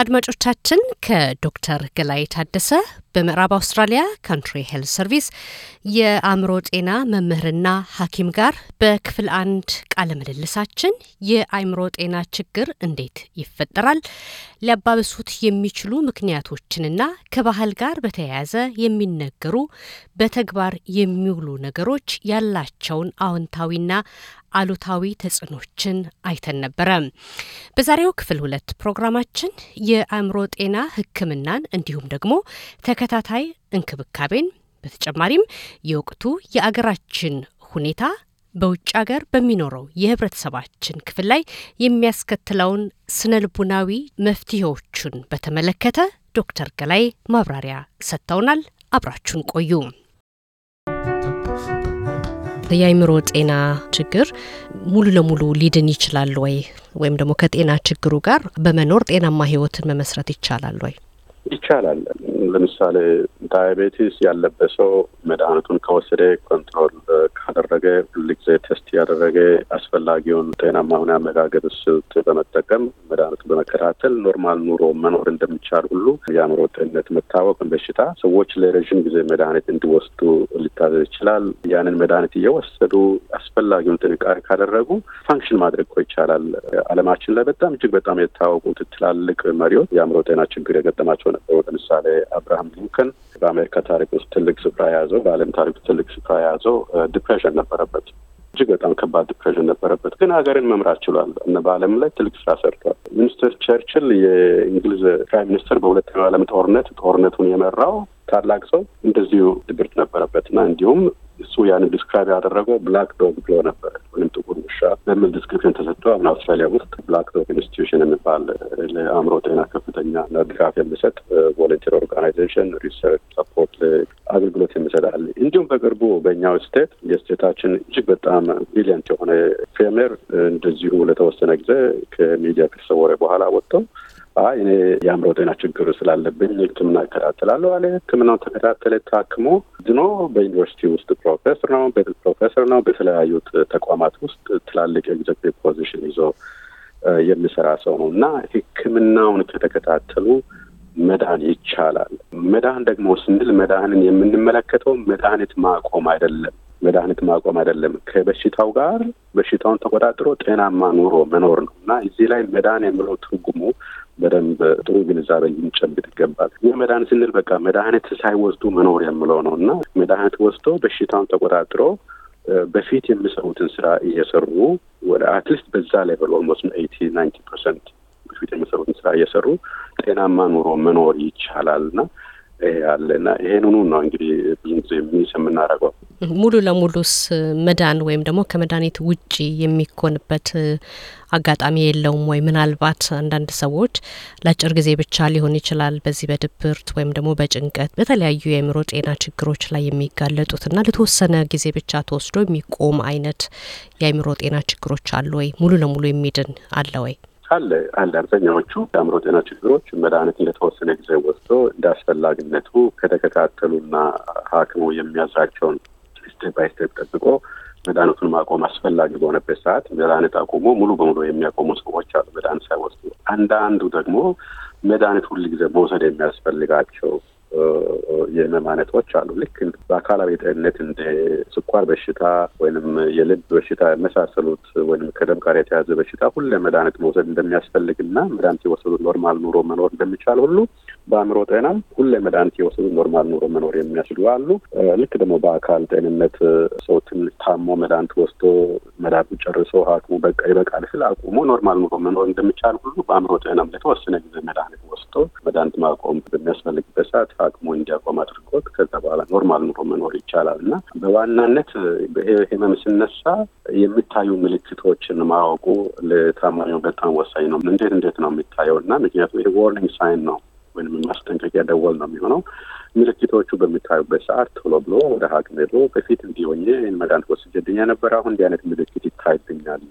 አድማጮቻችን ከዶክተር ገላይ ታደሰ በምዕራብ አውስትራሊያ ካንትሪ ሄልት ሰርቪስ የአእምሮ ጤና መምህርና ሐኪም ጋር በክፍል አንድ ቃለ ምልልሳችን የአእምሮ ጤና ችግር እንዴት ይፈጠራል፣ ሊያባብሱት የሚችሉ ምክንያቶችንና ከባህል ጋር በተያያዘ የሚነገሩ በተግባር የሚውሉ ነገሮች ያላቸውን አዎንታዊና አሉታዊ ተጽዕኖችን አይተን ነበረ። በዛሬው ክፍል ሁለት ፕሮግራማችን የአእምሮ ጤና ሕክምናን እንዲሁም ደግሞ ተከታታይ እንክብካቤን በተጨማሪም የወቅቱ የአገራችን ሁኔታ በውጭ አገር በሚኖረው የህብረተሰባችን ክፍል ላይ የሚያስከትለውን ስነልቡናዊ መፍትሄዎቹን በተመለከተ ዶክተር ገላይ ማብራሪያ ሰጥተውናል። አብራችሁን ቆዩ። የአይምሮ ጤና ችግር ሙሉ ለሙሉ ሊድን ይችላል ወይ? ወይም ደግሞ ከጤና ችግሩ ጋር በመኖር ጤናማ ህይወትን መመስረት ይቻላል ወይ? ይቻላል። ለምሳሌ ዳያቤቲስ ያለበት ሰው መድኃኒቱን ከወሰደ ኮንትሮል ካደረገ ሁልጊዜ ቴስት ያደረገ አስፈላጊውን ጤናማ የሆነ አመጋገብ ስልት በመጠቀም መድኃኒቱ በመከታተል ኖርማል ኑሮ መኖር እንደሚቻል ሁሉ የአእምሮ ጤንነት መታወቅ በሽታ ሰዎች ለረዥም ጊዜ መድኃኒት እንዲወስዱ ሊታዘዝ ይችላል። ያንን መድኃኒት እየወሰዱ አስፈላጊውን ጥንቃቄ ካደረጉ ፋንክሽን ማድረግ እኮ ይቻላል። ዓለማችን ላይ በጣም እጅግ በጣም የታወቁት ትላልቅ መሪዎች የአእምሮ ጤና ችግር የገጠማቸው የነበሩ ለምሳሌ አብርሃም ሊንከን በአሜሪካ ታሪክ ውስጥ ትልቅ ስፍራ የያዘው በዓለም ታሪክ ውስጥ ትልቅ ስፍራ የያዘው ዲፕሬሽን ነበረበት። እጅግ በጣም ከባድ ዲፕሬሽን ነበረበት፣ ግን ሀገርን መምራት ችሏል እና በዓለም ላይ ትልቅ ስራ ሰርቷል። ሚኒስትር ቸርችል የእንግሊዝ ፕራይም ሚኒስትር በሁለተኛው ዓለም ጦርነት ጦርነቱን የመራው ታላቅ ሰው እንደዚሁ ድብርት ነበረበት እና እንዲሁም እሱ ያንን ዲስክራይብ ያደረገው ብላክ ዶግ ብሎ ነበረ፣ ወይም ጥቁር ውሻ በሚል ዲስክሪፕሽን ተሰጥቶ አሁን አውስትራሊያ ውስጥ ብላክ ዶግ ኢንስቲትዩሽን የሚባል ለአእምሮ ጤና ከፍተኛ ድጋፍ የሚሰጥ ቮለንቲር ኦርጋናይዜሽን ሪሰርች ሰፖርት አገልግሎት የሚሰጣል። እንዲሁም በቅርቡ በእኛው ስቴት የስቴታችን እጅግ በጣም ብሪሊያንት የሆነ ፌሜር እንደዚሁ ለተወሰነ ጊዜ ከሚዲያ ከተሰወረ በኋላ ወጥተው እኔ የአእምሮ ጤና ችግር ስላለብኝ ህክምና እከታተላለሁ አለ። ህክምናው ተከታተለ፣ ታክሞ ድኖ በዩኒቨርሲቲ ውስጥ ፕሮፌሰር ነው፣ ፕሮፌሰር ነው። በተለያዩ ተቋማት ውስጥ ትላልቅ ኤግዘክቲቭ ፖዚሽን ይዞ የሚሰራ ሰው ነው እና ህክምናውን ከተከታተሉ መዳን ይቻላል። መዳን ደግሞ ስንል መዳንን የምንመለከተው መድኃኒት ማቆም አይደለም መድኃኒት ማቆም አይደለም። ከበሽታው ጋር በሽታውን ተቆጣጥሮ ጤናማ ኑሮ መኖር ነው እና እዚህ ላይ መዳን የሚለው ትርጉሙ በደንብ ጥሩ ግንዛቤ ልንጨብጥ ይገባል። ይህ መድኃኒት ስንል በቃ መድኃኒት ሳይወስዱ መኖር የምለው ነው እና መድኃኒት ወስዶ በሽታውን ተቆጣጥሮ በፊት የሚሰሩትን ስራ እየሰሩ ወደ አትሊስት በዛ ሌቨል ኦልሞስት ኤይቲ ናይንቲ ፐርሰንት በፊት የሚሰሩትን ስራ እየሰሩ ጤናማ ኑሮ መኖር ይቻላል እና ይሄ ይሄንኑ ነው እንግዲህ ብዙ ጊዜ ሚስ የምናደርገው። ሙሉ ለሙሉስ መዳን ወይም ደግሞ ከመድኃኒት ውጪ የሚኮንበት አጋጣሚ የለውም ወይ? ምናልባት አንዳንድ ሰዎች ለአጭር ጊዜ ብቻ ሊሆን ይችላል በዚህ በድብርት ወይም ደግሞ በጭንቀት በተለያዩ የአእምሮ ጤና ችግሮች ላይ የሚጋለጡትና ለተወሰነ ጊዜ ብቻ ተወስዶ የሚቆም አይነት የአእምሮ ጤና ችግሮች አሉ ወይ? ሙሉ ለሙሉ የሚድን አለ ወይ? አለ አለ አብዛኛዎቹ የአእምሮ ጤና ችግሮች መድኃኒት ለተወሰነ ጊዜ ወስዶ እንደ አስፈላጊነቱ ከተከታተሉና ሐኪሙ የሚያዛቸውን ስቴፕ ባይ ስቴፕ ጠብቆ መድኃኒቱን ማቆም አስፈላጊ በሆነበት ሰዓት መድኃኒት አቁሞ ሙሉ በሙሉ የሚያቆሙ ሰዎች አሉ፣ መድኃኒት ሳይወስዱ። አንዳንዱ ደግሞ መድኃኒት ሁልጊዜ መውሰድ የሚያስፈልጋቸው የህመም አይነቶች አሉ። ልክ በአካላዊ ጤንነት እንደ ስኳር በሽታ ወይንም የልብ በሽታ የመሳሰሉት ወይም ከደም ጋር የተያዘ በሽታ ሁሌ መድኃኒት መውሰድ እንደሚያስፈልግና መድኃኒት የወሰዱ ኖርማል ኑሮ መኖር እንደሚቻል ሁሉ በአእምሮ ጤናም ሁሉ መድኃኒት የወሰዱ ኖርማል ኑሮ መኖር የሚያስችሉ አሉ። ልክ ደግሞ በአካል ጤንነት ሰው ትንሽ ታሞ መድኃኒት ወስዶ መድኃኒቱ ጨርሶ ሐኪሙ በቃ ይበቃል ስል አቁሞ ኖርማል ኑሮ መኖር እንደሚቻል ሁሉ በአእምሮ ጤናም ለተወሰነ ጊዜ መድኃኒት ወስዶ መድኃኒት ማቆም በሚያስፈልግበት ሰዓት አቅሙ እንዲያቆም አድርጎት ከዛ በኋላ ኖርማል ኑሮ መኖር ይቻላል እና በዋናነት ህመም ስነሳ የሚታዩ ምልክቶችን ማወቁ ለታማሚው በጣም ወሳኝ ነው። እንዴት እንዴት ነው የሚታየው እና ምክንያቱም ይሄ ዋርኒንግ ሳይን ነው ወይም ማስጠንቀቂያ ደወል ነው የሚሆነው። ምልክቶቹ በሚታዩበት ሰዓት ቶሎ ብሎ ወደ ሐኪም ሄዶ በፊት እንዲሆኜ መድኃኒት ወስጀድኛ ነበር፣ አሁን እንዲህ አይነት ምልክት ይታይብኛል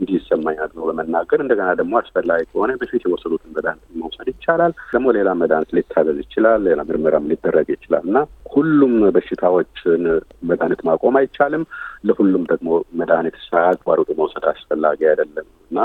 እንዲህ ይሰማኛል ብሎ በመናገር እንደገና ደግሞ አስፈላጊ ከሆነ በፊት የወሰዱትን መድኃኒት መውሰድ ይቻላል። ደግሞ ሌላ መድኃኒት ሊታዘዝ ይችላል። ሌላ ምርመራም ሊደረግ ይችላል እና ሁሉም በሽታዎችን መድኃኒት ማቆም አይቻልም። ለሁሉም ደግሞ መድኃኒት ሳያቋርጡ መውሰድ አስፈላጊ አይደለም እና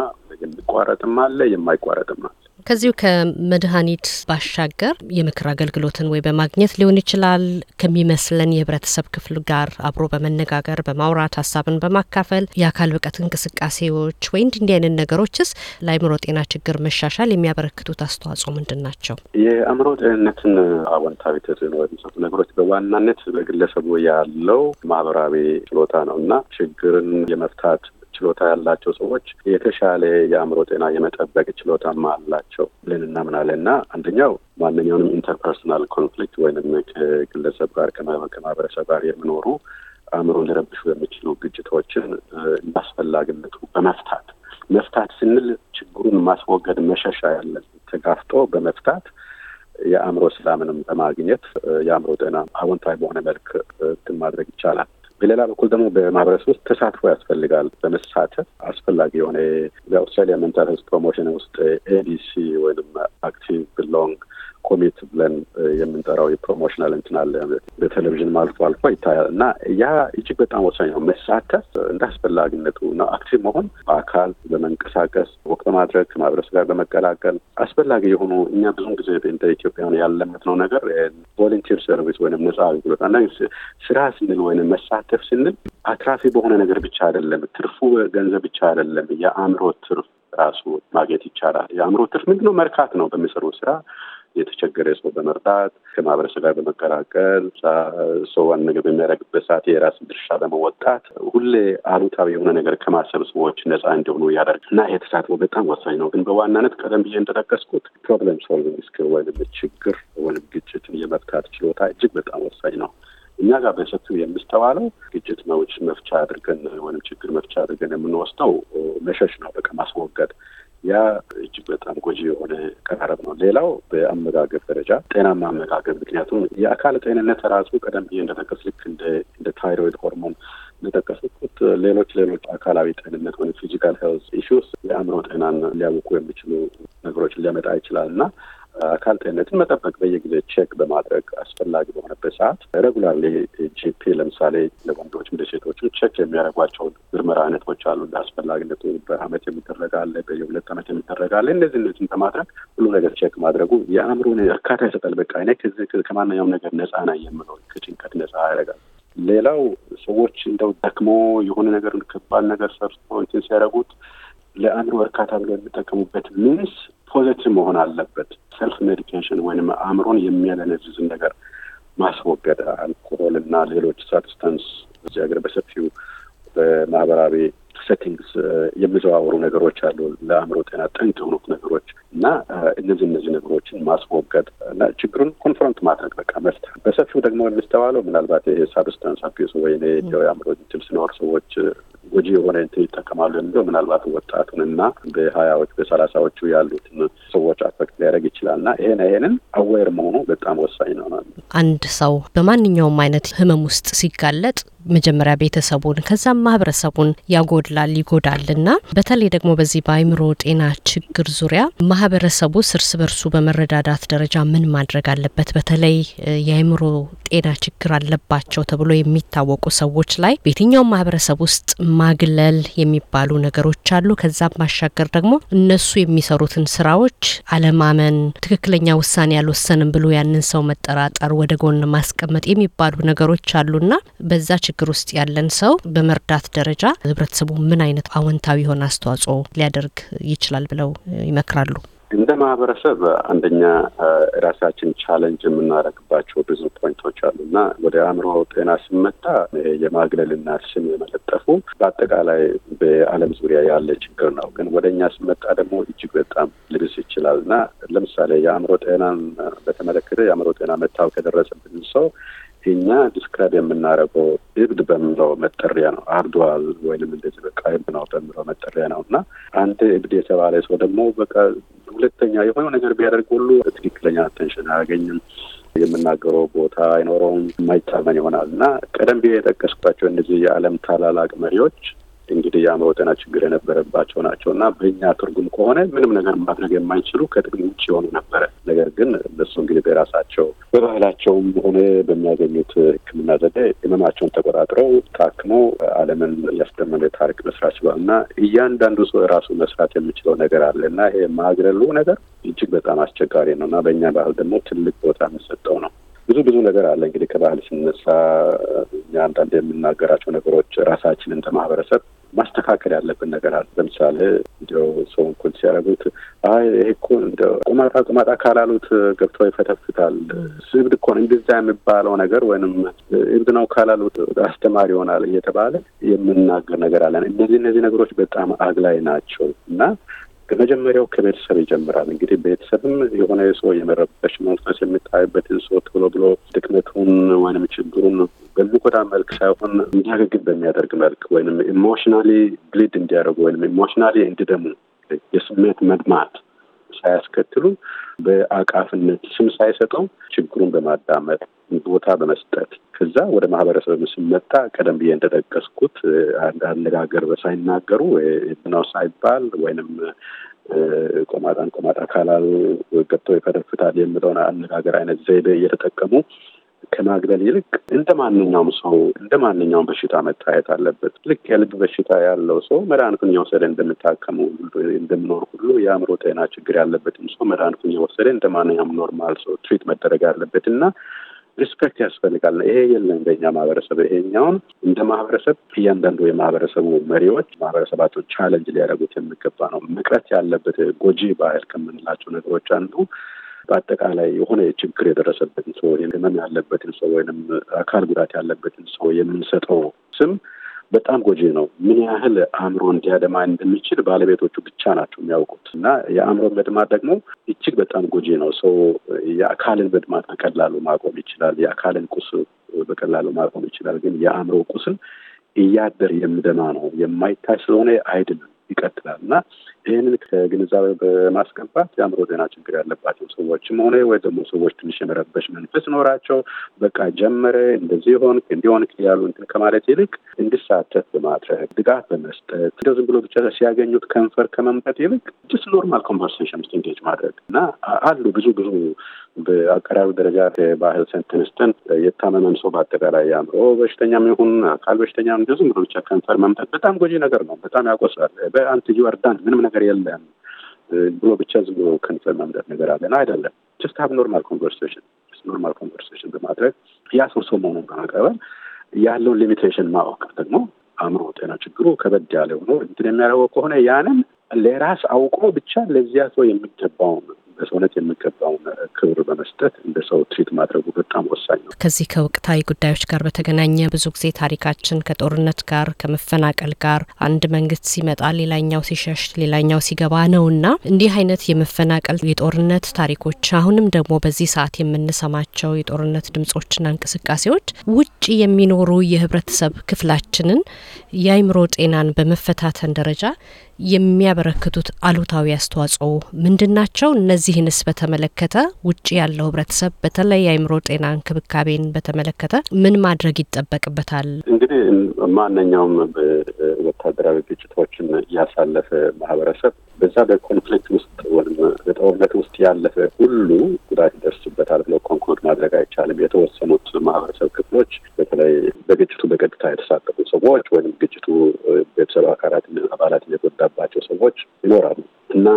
የሚቋረጥም አለ የማይቋረጥም አለ። ከዚሁ ከመድኃኒት ባሻገር የምክር አገልግሎትን ወይ በማግኘት ሊሆን ይችላል ከሚመስለን የህብረተሰብ ክፍል ጋር አብሮ በመነጋገር በማውራት ሀሳብን በማካፈል የአካል ብቃት እንቅስቃሴዎች ወይ እንዲ እንዲህ አይነት ነገሮችስ ለአእምሮ ጤና ችግር መሻሻል የሚያበረክቱት አስተዋጽኦ ምንድን ናቸው? የአእምሮ ጤንነትን አዎንታዊ ተጽዕኖ የሚሰጡ ነገሮች በዋናነት በግለሰቡ ያለው ማህበራዊ ችሎታ ነው። ነው እና ችግርን የመፍታት ችሎታ ያላቸው ሰዎች የተሻለ የአእምሮ ጤና የመጠበቅ ችሎታም አላቸው ብለን እናምናለን እና አንደኛው ማንኛውንም ኢንተርፐርሰናል ኮንፍሊክት ወይንም ከግለሰብ ጋር ከማህበረሰብ ጋር የሚኖሩ አእምሮን ሊረብሹ የሚችሉ ግጭቶችን እንዳስፈላጊነቱ በመፍታት መፍታት ስንል ችግሩን ማስወገድ መሸሻ ያለን ተጋፍጦ በመፍታት የአእምሮ ሰላምንም በማግኘት የአእምሮ ጤና አዎንታዊ በሆነ መልክ እንትን ማድረግ ይቻላል። በሌላ በኩል ደግሞ በማህበረሰብ ውስጥ ተሳትፎ ያስፈልጋል። በመሳተፍ አስፈላጊ የሆነ በአውስትራሊያ መንታል ህዝብ ፕሮሞሽን ውስጥ ኤዲሲ ወይም አክቲቭ ብሎንግ ኮሚት ብለን የምንጠራው የፕሮሞሽናል እንትን አለ በቴሌቪዥን አልፎ አልፎ ይታያል እና ያ እጅግ በጣም ወሳኝ ነው። መሳተፍ እንደ አስፈላጊነቱ ነው። አክቲቭ መሆን በአካል በመንቀሳቀስ ወቅት በማድረግ ከማህበረሰብ ጋር በመቀላቀል አስፈላጊ የሆኑ እኛ ብዙን ጊዜ እንደ ኢትዮጵያን ያለመት ነው ነገር ቮለንቲር ሰርቪስ ወይም ነጻ አገልግሎት አንዳንድ ስራ ስንል ወይም መሳተፍ መለጠፍ ስንል አትራፊ በሆነ ነገር ብቻ አይደለም። ትርፉ ገንዘብ ብቻ አይደለም። የአእምሮ ትርፍ ራሱ ማግኘት ይቻላል። የአእምሮ ትርፍ ምንድነው? መርካት ነው። በሚሰሩ ስራ የተቸገረ ሰው በመርዳት ከማህበረሰብ ጋር በመቀላቀል ሰው ዋን ነገር በሚያደርግበት ሰዓት የራስን ድርሻ በመወጣት ሁሌ አሉታዊ የሆነ ነገር ከማሰብ ሰዎች ነጻ እንዲሆኑ ያደርግ እና ይሄ ተሳትፎ በጣም ወሳኝ ነው። ግን በዋናነት ቀደም ብዬ እንደጠቀስኩት ፕሮብለም ሶልቪንግ ስኪል ወይም ችግር ወይም ግጭትን የመፍታት ችሎታ እጅግ በጣም ወሳኝ ነው። እኛ ጋር በሰፊው የምስተዋለው ግጭት መውጭ መፍቻ አድርገን ወይም ችግር መፍቻ አድርገን የምንወስደው መሸሽ ነው፣ በቃ ማስወገድ። ያ እጅግ በጣም ጎጂ የሆነ ቀራረብ ነው። ሌላው በአመጋገብ ደረጃ ጤናማ አመጋገብ፣ ምክንያቱም የአካል ጤንነት ራሱ ቀደም ብዬ እንደጠቀስ ልክ እንደ ታይሮይድ ሆርሞን እንደጠቀስኩት ሌሎች ሌሎች አካላዊ ጤንነት ወይም ፊዚካል ሄልዝ ኢሹስ የአእምሮ ጤናን ሊያውቁ የሚችሉ ነገሮችን ሊያመጣ ይችላል እና አካል ጤንነትን መጠበቅ በየጊዜ ቼክ በማድረግ አስፈላጊ በሆነበት ሰዓት ረጉላርሊ ጂፒ ለምሳሌ ለወንዶች እንደ ሴቶቹ ቼክ የሚያደርጓቸው ምርመራ አይነቶች አሉ። አስፈላጊነቱ በአመት የሚደረጋለ በየሁለት አመት የሚደረጋለ እነዚህ እነዚህን በማድረግ ሁሉ ነገር ቼክ ማድረጉ የአእምሮን እርካታ ይሰጣል። በቃ አይነ ከማንኛውም ነገር ነጻ ና የምለው ከጭንቀት ነጻ ያደርጋል። ሌላው ሰዎች እንደው ደክሞ የሆነ ነገር ከባድ ነገር ሰርቶ እንትን ሲያደርጉት ለአእምሮ እርካታ ብሎ የሚጠቀሙበት ምንስ ፖዘቲቭ መሆን አለበት። ሰልፍ ሜዲኬሽን ወይም አእምሮን የሚያደነዝዝን ነገር ማስወገድ አልኮሆል እና ሌሎች ሳብስታንስ እዚህ ሀገር በሰፊው በማህበራዊ ሴቲንግስ የሚዘዋወሩ ነገሮች አሉ። ለአእምሮ ጤና ጠንቅ የሆኑት ነገሮች እና እነዚህ እነዚህ ነገሮችን ማስወገድ እና ችግሩን ኮንፍሮንት ማድረግ በቃ መፍት በሰፊው ደግሞ የሚስተዋለው ምናልባት ይሄ ሳብስታንስ አቢዩስ ወይ የአእምሮ ትል ሲኖር ሰዎች ጎጂ የሆነ እንትን ይጠቀማሉ የሚለው ምናልባት ወጣቱንና በሀያዎቹ በሰላሳዎቹ ያሉትን ሰዎች አፈክት ሊያደርግ ና ይሄን ይሄንን አዌር መሆኑ በጣም ወሳኝ ነው። አንድ ሰው በማንኛውም አይነት ህመም ውስጥ ሲጋለጥ መጀመሪያ ቤተሰቡን ከዛም ማህበረሰቡን ያጎድላል ይጎዳልና፣ በተለይ ደግሞ በዚህ በአይምሮ ጤና ችግር ዙሪያ ማህበረሰቡ እርስ በርሱ በመረዳዳት ደረጃ ምን ማድረግ አለበት? በተለይ የአይምሮ ጤና ችግር አለባቸው ተብሎ የሚታወቁ ሰዎች ላይ በየትኛውም ማህበረሰብ ውስጥ ማግለል የሚባሉ ነገሮች አሉ። ከዛም ባሻገር ደግሞ እነሱ የሚሰሩትን ስራዎች አለማመን፣ ትክክለኛ ውሳኔ አልወሰንም ብሎ ያንን ሰው መጠራጠር፣ ወደ ጎን ማስቀመጥ የሚባሉ ነገሮች አሉና በዛ ችግር ውስጥ ያለን ሰው በመርዳት ደረጃ ህብረተሰቡ ምን አይነት አወንታዊ የሆነ አስተዋጽኦ ሊያደርግ ይችላል ብለው ይመክራሉ? እንደ ማህበረሰብ አንደኛ ራሳችን ቻለንጅ የምናደርግባቸው ብዙ ፖይንቶች አሉ እና ወደ አእምሮ ጤና ስመጣ የማግለልና ስም የመለጠፉ በአጠቃላይ በዓለም ዙሪያ ያለ ችግር ነው። ግን ወደ እኛ ስመጣ ደግሞ እጅግ በጣም ልብስ ይችላል እና ለምሳሌ የአእምሮ ጤናን በተመለከተ የአእምሮ ጤና መታወክ የደረሰብን ሰው የኛ ዲስክራይብ የምናደርገው እብድ በምለው መጠሪያ ነው። አብዷል ወይንም እንደዚህ በቃ እብድ ነው በምለው መጠሪያ ነው እና አንድ እብድ የተባለ ሰው ደግሞ በቃ ሁለተኛ የሆነ ነገር ቢያደርግ ሁሉ ትክክለኛ አቴንሽን አያገኝም። የምናገረው ቦታ አይኖረውም። የማይታመን ይሆናል እና ቀደም ብዬ የጠቀስኳቸው እነዚህ የዓለም ታላላቅ መሪዎች እንግዲህ የአእምሮ ጤና ችግር የነበረባቸው ናቸው እና በእኛ ትርጉም ከሆነ ምንም ነገር ማድረግ የማይችሉ ከጥቅም ውጭ የሆኑ ነበረ። ነገር ግን እነሱ እንግዲህ በራሳቸው በባህላቸውም ሆነ በሚያገኙት ሕክምና ዘዴ ህመማቸውን ተቆጣጥረው ታክሞ ዓለምን ያስደመመ ታሪክ መስራት ችሏል እና እያንዳንዱ ሰው ራሱ መስራት የሚችለው ነገር አለ እና ይሄ ማግለሉ ነገር እጅግ በጣም አስቸጋሪ ነው እና በእኛ ባህል ደግሞ ትልቅ ቦታ የሚሰጠው ነው። ብዙ ብዙ ነገር አለ እንግዲህ ከባህል ስነሳ እኛ አንዳንድ የምናገራቸው ነገሮች ራሳችን እንደ ማህበረሰብ ማስተካከል ያለብን ነገር አለ። ለምሳሌ እንዲያው ሰው እንኩል ሲያደርጉት አይ ይሄ እኮ እንደ ቁማጣ ቁማጣ ካላሉት ገብተው ይፈተፍታል። እብድ እኮ ነው እንደዛ የሚባለው ነገር ወይንም እብድ ነው ካላሉት አስተማሪ ይሆናል እየተባለ የምናገር ነገር አለን። እነዚህ እነዚህ ነገሮች በጣም አግላይ ናቸው እና ከመጀመሪያው ከቤተሰብ ይጀምራል። እንግዲህ ቤተሰብም የሆነ ሰው የመረበሽ መንፈስ የሚታይበትን ሰው ቶሎ ብሎ ድክመቱን ወይም ችግሩን በሚጎዳ መልክ ሳይሆን እንዲያገግል በሚያደርግ መልክ ወይም ኢሞሽናሊ ብሊድ እንዲያደርጉ ወይም ኢሞሽናሊ እንዲደሙ የስሜት መድማት ሳያስከትሉ በአቃፍነት ስም ሳይሰጠው ችግሩን በማዳመጥ ቦታ በመስጠት ከዛ ወደ ማህበረሰብ ስንመጣ ቀደም ብዬ እንደጠቀስኩት አነጋገር ሳይናገሩ ብናው ሳይባል ወይንም ቆማጣን ቆማጣ አካላል ገብተው ይፈደፍታል የምለውን አነጋገር አይነት ዘይቤ እየተጠቀሙ ከማግለል ይልቅ እንደ ማንኛውም ሰው እንደ ማንኛውም በሽታ መታየት አለበት። ልክ የልብ በሽታ ያለው ሰው መድኃኒቱን የወሰደ እንደምታከሙ እንደምኖር ሁሉ የአእምሮ ጤና ችግር ያለበትም ሰው መድኃኒቱን የወሰደ እንደ ማንኛውም ኖርማል ሰው ትሪት መደረግ አለበት እና ሪስፔክት ያስፈልጋል። ይሄ የለም በእኛ ማህበረሰብ። ይሄኛውን እንደ ማህበረሰብ እያንዳንዱ የማህበረሰቡ መሪዎች ማህበረሰባቸው ቻለንጅ ሊያደርጉት የሚገባ ነው። መቅረት ያለበት ጎጂ ባህል ከምንላቸው ነገሮች አንዱ በአጠቃላይ የሆነ ችግር የደረሰበትን ሰው ወይም ህመም ያለበትን ሰው ወይም አካል ጉዳት ያለበትን ሰው የምንሰጠው ስም በጣም ጎጂ ነው። ምን ያህል አእምሮ እንዲያደማ እንደሚችል ባለቤቶቹ ብቻ ናቸው የሚያውቁት እና የአእምሮ መድማት ደግሞ እጅግ በጣም ጎጂ ነው። ሰው የአካልን መድማት በቀላሉ ማቆም ይችላል። የአካልን ቁስል በቀላሉ ማቆም ይችላል። ግን የአእምሮ ቁስል እያደር የምደማ ነው። የማይታይ ስለሆነ አይድንም። ይቀጥላል እና ይህንን ከግንዛቤ በማስገባት የአእምሮ ጤና ችግር ያለባቸው ሰዎችም ሆነ ወይ ደግሞ ሰዎች ትንሽ የመረበሽ መንፈስ ኖራቸው በቃ ጀመረ እንደዚህ ሆን እንዲሆን ያሉ እንትን ከማለት ይልቅ እንዲሳተፍ በማድረግ ድጋፍ በመስጠት እንደው ዝም ብሎ ብቻ ሲያገኙት ከንፈር ከመምጠት ይልቅ ጅስ ኖርማል ኮንቨርሴሽን ውስጥ ማድረግ እና አሉ ብዙ ብዙ በአቀራዊ ደረጃ ከባህል ተነስተን የታመመን ሰው በአጠቃላይ የአእምሮ በሽተኛም ይሁን አካል በሽተኛም እንደው ብሎ ብቻ ከንፈር መምጠት በጣም ጎጂ ነገር ነው። በጣም ያቆስላል። አንተ ዩአርዳን ምንም ነገር የለም ብሎ ብቻ ዝም ብሎ ከንፈር መምደት ነገር አለን አይደለም። ጀስት ሀብ ኖርማል ኮንቨርሴሽን ኖርማል ኮንቨርሴሽን በማድረግ ያ ሰው ሰው መሆኑን በማቀበል ያለውን ሊሚቴሽን ማወቅ ደግሞ አእምሮ ጤና ችግሩ ከበድ ያለ ሆኖ እንትን የሚያደርገው ከሆነ ያንን ለራስ አውቆ ብቻ ለዚያ ሰው የሚገባውን በሰውነት የሚገባውን ክብር በመስጠት እንደ ሰው ትሪት ማድረጉ በጣም ወሳኝ ነው። ከዚህ ከወቅታዊ ጉዳዮች ጋር በተገናኘ ብዙ ጊዜ ታሪካችን ከጦርነት ጋር ከመፈናቀል ጋር አንድ መንግስት ሲመጣ ሌላኛው ሲሸሽ ሌላኛው ሲገባ ነውና እንዲህ አይነት የመፈናቀል የጦርነት ታሪኮች አሁንም ደግሞ በዚህ ሰዓት የምንሰማቸው የጦርነት ድምጾችና እንቅስቃሴዎች ውጭ የሚኖሩ የህብረተሰብ ክፍላችንን የአይምሮ ጤናን በመፈታተን ደረጃ የሚያበረክቱት አሉታዊ አስተዋጽኦ ምንድን ናቸው? እነዚህንስ በተመለከተ ውጭ ያለው ህብረተሰብ በተለይ አይምሮ ጤና እንክብካቤን በተመለከተ ምን ማድረግ ይጠበቅበታል? እንግዲህ ማንኛውም ወታደራዊ ግጭቶችን ያሳለፈ ማህበረሰብ በዛ በኮንፍሊክት ውስጥ ወይም በጦርነት ውስጥ ያለፈ ሁሉ ጉዳት ይደርስበታል ብለው ኮንክሉድ ማድረግ አይቻልም። የተወሰኑት ማህበረሰብ ክፍሎች በተለይ በግጭቱ በቀጥታ የተሳተፉ ሰዎች ወይም ግጭቱ ቤተሰብ አካላት አባላት የጎዳ ያለባቸው ሰዎች ይኖራሉ እና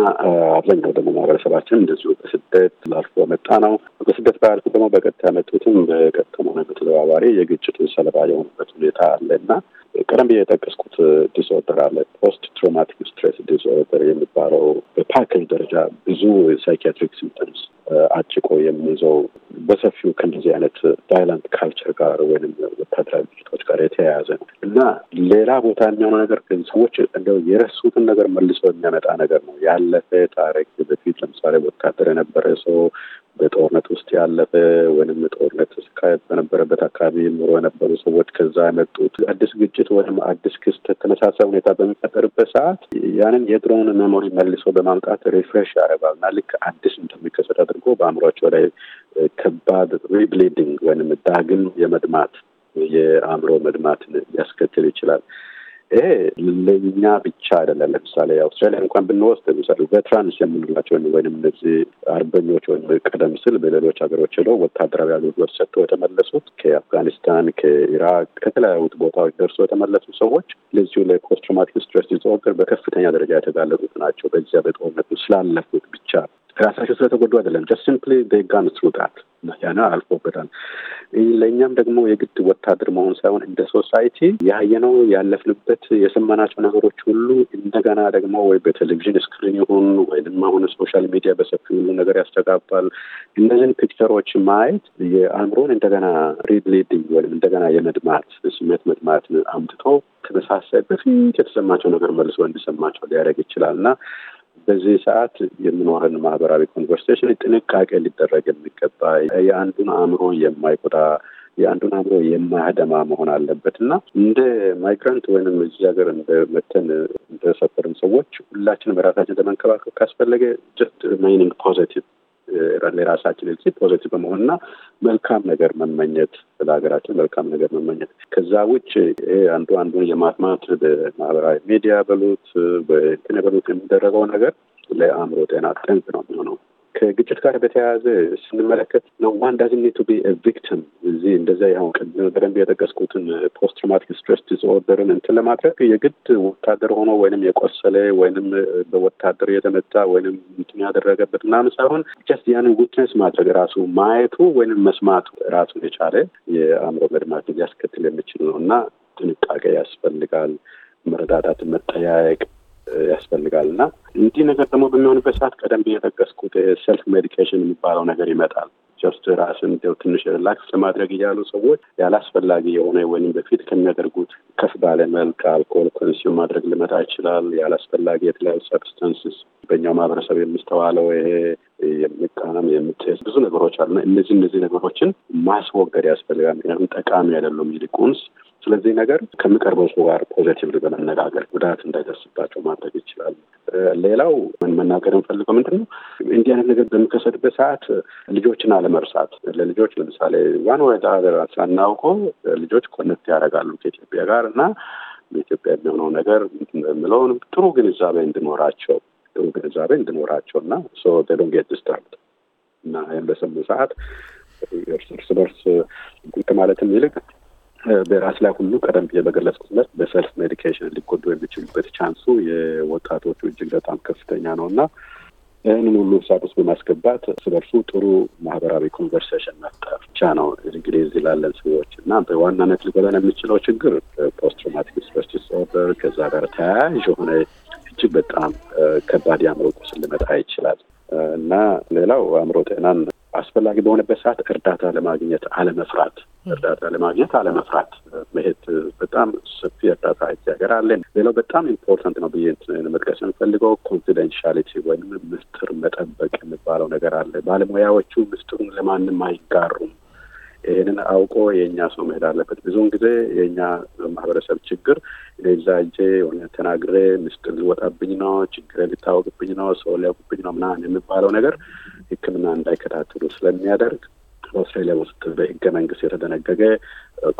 አብዛኛው ደግሞ ማህበረሰባችን እንደዚሁ በስደት ላልፎ መጣ ነው። በስደት ባያልፉ ደግሞ በቀጥታ ያመጡትም በቀጥታም ሆነ በተዘዋዋሪ የግጭቱ ሰለባ የሆኑበት ሁኔታ አለ እና ቀደም ብዬ የጠቀስኩት ዲስኦርደር አለ። ፖስት ትራውማቲክ ስትሬስ ዲስኦርደር የሚባለው በፓኬጅ ደረጃ ብዙ ሳይኪያትሪክ ሲምፕተምስ አጭቆ የሚይዘው በሰፊው ከእንደዚህ አይነት ቫይላንት ካልቸር ጋር ወይም ወታደራዊ ግጭቶች ጋር የተያያዘ ነው እና ሌላ ቦታ የሚሆነው ነገር ግን ሰዎች እንደው የረሱትን ነገር መልሶ የሚያመጣ ነገር ነው። ያለፈ ታሪክ በፊት ለምሳሌ ወታደር የነበረ ሰው በጦርነት ውስጥ ያለፈ ወይም ጦርነት ሲካሄድ በነበረበት አካባቢ ኑሮ የነበሩ ሰዎች ከዛ የመጡት አዲስ ግጭት ወይም አዲስ ክስት ተመሳሳይ ሁኔታ በሚፈጠርበት ሰዓት ያንን የድሮውን መሞሪ መልሶ በማምጣት ሪፍሬሽ ያደርጋል እና ልክ አዲስ እንደሚከ አድርጎ በአእምሯቸው ላይ ከባድ ሪብሊዲንግ ወይም ዳግም የመድማት የአእምሮ መድማትን ሊያስከትል ይችላል። ይሄ ለእኛ ብቻ አይደለም። ለምሳሌ አውስትራሊያ እንኳን ብንወስድ ለምሳሌ ቬትራንስ የምንላቸውን ወይም እነዚህ አርበኞች ወይም ቀደም ሲል በሌሎች ሀገሮች ሄደው ወታደራዊ አገልግሎት ሰጥተው የተመለሱት ከአፍጋኒስታን፣ ከኢራቅ ከተለያዩት ቦታዎች ደርሶ የተመለሱ ሰዎች ለዚሁ ለፖስት ስትረስ ዲስኦርደር በከፍተኛ ደረጃ የተጋለጡት ናቸው። በዚያ በጦርነቱ ስላለፉት ብቻ ራሳቸው ስለተጎዱ አይደለም። ጀስት ሲምፕሊ ደጋን ስሩጣት ያን አልፎበታል። ለእኛም ደግሞ የግድ ወታደር መሆን ሳይሆን እንደ ሶሳይቲ ያየነው ያለፍንበት የሰማናቸው ነገሮች ሁሉ እንደገና ደግሞ ወይ በቴሌቪዥን ስክሪን ይሁን ወይም አሁን ሶሻል ሚዲያ በሰፊ ሁሉ ነገር ያስተጋባል። እነዚህን ፒክቸሮች ማየት የአእምሮን እንደገና ሪብሊዲንግ ወይም እንደገና የመድማት ስሜት መድማት አምጥቶ ተመሳሳይ በፊት የተሰማቸው ነገር መልሶ እንዲሰማቸው ሊያደርግ ይችላል እና በዚህ ሰዓት የምንዋህን ማህበራዊ ኮንቨርሴሽን ጥንቃቄ ሊደረግ የሚገባ የአንዱን አእምሮ የማይጎዳ የአንዱን አእምሮ የማያደማ መሆን አለበት እና እንደ ማይግራንት ወይም እዚህ ሀገር እንደመተን እንደሰፈርን ሰዎች ሁላችንም ራሳችን ለመንከባከብ ካስፈለገ ጀስት ሪሜይኒንግ ፖዘቲቭ ፈጥረን የራሳችን ኤግዚት ፖዘቲቭ በመሆንና መልካም ነገር መመኘት ለሀገራችን መልካም ነገር መመኘት። ከዛ ውጭ ይሄ አንዱ አንዱ የማትማት በማህበራዊ ሚዲያ በሉት በእንትን በሉት የሚደረገው ነገር ለአእምሮ ጤና ጠንቅ ነው የሚሆነው። ከግጭት ጋር በተያያዘ ስንመለከት ነው ዋን ዳዝንት ኒድ ቱ ቢ ቪክቲም እዚህ እንደዚ ያው በደንብ የጠቀስኩትን ፖስት ትራማቲክ ስትረስ ዲስኦርደርን እንትን ለማድረግ የግድ ወታደር ሆኖ ወይንም የቆሰለ ወይንም በወታደር የተመታ ወይንም እንትን ያደረገበት ምናምን ሳይሆን ጀስት ያንን ዊትነስ ማድረግ ራሱ ማየቱ ወይንም መስማቱ ራሱን የቻለ የአእምሮ መድማት ሊያስከትል የሚችል ነው እና ጥንቃቄ ያስፈልጋል። መረዳዳት፣ መጠያየቅ ያስፈልጋል እና እንዲህ ነገር ደግሞ በሚሆንበት ሰዓት ቀደም ብዬ የጠቀስኩት ሰልፍ ሜዲኬሽን የሚባለው ነገር ይመጣል። ጀስት ራስን ትንሽ ሪላክስ ለማድረግ እያሉ ሰዎች ያላስፈላጊ የሆነ ወይም በፊት ከሚያደርጉት ከፍ ባለ መልክ አልኮል ኮንሱም ማድረግ ሊመጣ ይችላል። ያላስፈላጊ የተለያዩ ሰብስተንስስ በኛው ማህበረሰብ የሚስተዋለው ይሄ የሚቃም የምትስ ብዙ ነገሮች አሉና እነዚህ እነዚህ ነገሮችን ማስወገድ ያስፈልጋል። ምክንያቱም ጠቃሚ አይደሉም። ይልቁንስ ስለዚህ ነገር ከሚቀርበው ሰው ጋር ፖዘቲቭ በመነጋገር ጉዳት እንዳይደርስባቸው ማድረግ ይችላል። ሌላው ምን መናገር የምፈልገው ምንድን ነው እንዲህ አይነት ነገር በሚከሰትበት ሰዓት ልጆችን አለመርሳት። ለልጆች ለምሳሌ ዋን ወይ ሀገር ሳናውቀው ልጆች ኮነት ያደርጋሉ ከኢትዮጵያ ጋር እና በኢትዮጵያ የሚሆነው ነገር የምለውን ጥሩ ግንዛቤ እንድኖራቸው ጥሩ ግንዛቤ እንድኖራቸው እና ዶንጌት ዲስትራክት እና ይህም በሰሙ ሰዓት እርስ በርስ ማለትም ይልቅ በራስ ላይ ሁሉ ቀደም ብዬ በገለጽኩት መሰረት በሰልፍ ሜዲኬሽን ሊጎዱ የሚችሉበት ቻንሱ የወጣቶቹ እጅግ በጣም ከፍተኛ ነው እና ይህንን ሁሉ ሳብ ውስጥ በማስገባት ስለርሱ ጥሩ ማህበራዊ ኮንቨርሴሽን መፍጠር ብቻ ነው እንግዲህ እዚህ ላለን ሰዎች እና በዋናነት ሊጎዳን የሚችለው ችግር ፖስት ትራውማቲክ ስትረስ ዲስኦርደር ከዛ ጋር ተያያዥ የሆነ እጅግ በጣም ከባድ የአእምሮ ቁስል ልመጣ ይችላል እና ሌላው አእምሮ ጤናን አስፈላጊ በሆነበት ሰዓት እርዳታ ለማግኘት አለመፍራት እርዳታ ለማግኘት አለመፍራት መሄድ በጣም ሰፊ እርዳታ እዚህ ሀገር አለን። ሌላው በጣም ኢምፖርታንት ነው ብዬ መጥቀስ የምፈልገው ኮንፊደንሻሊቲ ወይም ምስጢር መጠበቅ የሚባለው ነገር አለ። ባለሙያዎቹ ምስጢሩን ለማንም አይጋሩም። ይህንን አውቆ የእኛ ሰው መሄድ አለበት። ብዙውን ጊዜ የእኛ ማህበረሰብ ችግር እዛ እጄ የሆነ ተናግሬ ምስጢር ሊወጣብኝ ነው፣ ችግር ሊታወቅብኝ ነው፣ ሰው ሊያውቅብኝ ነው ምናምን የሚባለው ነገር ሕክምና እንዳይከታተሉ ስለሚያደርግ በአውስትራሊያ ውስጥ በህገ መንግስት የተደነገገ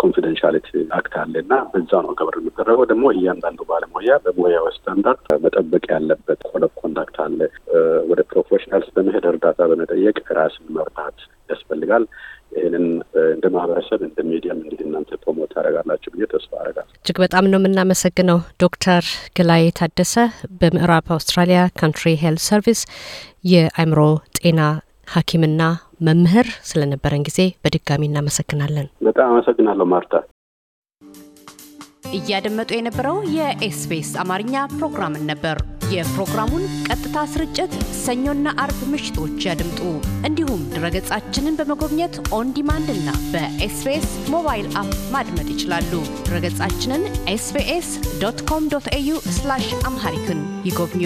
ኮንፊደንሻሊቲ አክት አለ እና በዛ ነው ገብር የሚደረገው። ደግሞ እያንዳንዱ ባለሙያ በሙያው ስታንዳርድ መጠበቅ ያለበት ኮድ ኦፍ ኮንዳክት አለ። ወደ ፕሮፌሽናልስ በመሄድ እርዳታ በመጠየቅ ራስን መርዳት ያስፈልጋል። ይህንን እንደ ማህበረሰብ እንደ ሚዲያም እንዲህ እናንተ ፕሮሞት ታደርጋላችሁ ብዬ ተስፋ አደርጋለሁ። እጅግ በጣም ነው የምናመሰግነው ዶክተር ግላይ ታደሰ በምዕራብ አውስትራሊያ ካንትሪ ሄልት ሰርቪስ የአእምሮ ጤና ሐኪምና መምህር ስለነበረን ጊዜ በድጋሚ እናመሰግናለን። በጣም አመሰግናለሁ ማርታ። እያደመጡ የነበረው የኤስቢኤስ አማርኛ ፕሮግራምን ነበር። የፕሮግራሙን ቀጥታ ስርጭት ሰኞና አርብ ምሽቶች ያድምጡ። እንዲሁም ድረገጻችንን በመጎብኘት ኦን ዲማንድ እና በኤስቢኤስ ሞባይል አፕ ማድመጥ ይችላሉ። ድረገጻችንን ኤስቢኤስ ዶት ኮም ዶት ኤዩ አምሃሪክን ይጎብኙ።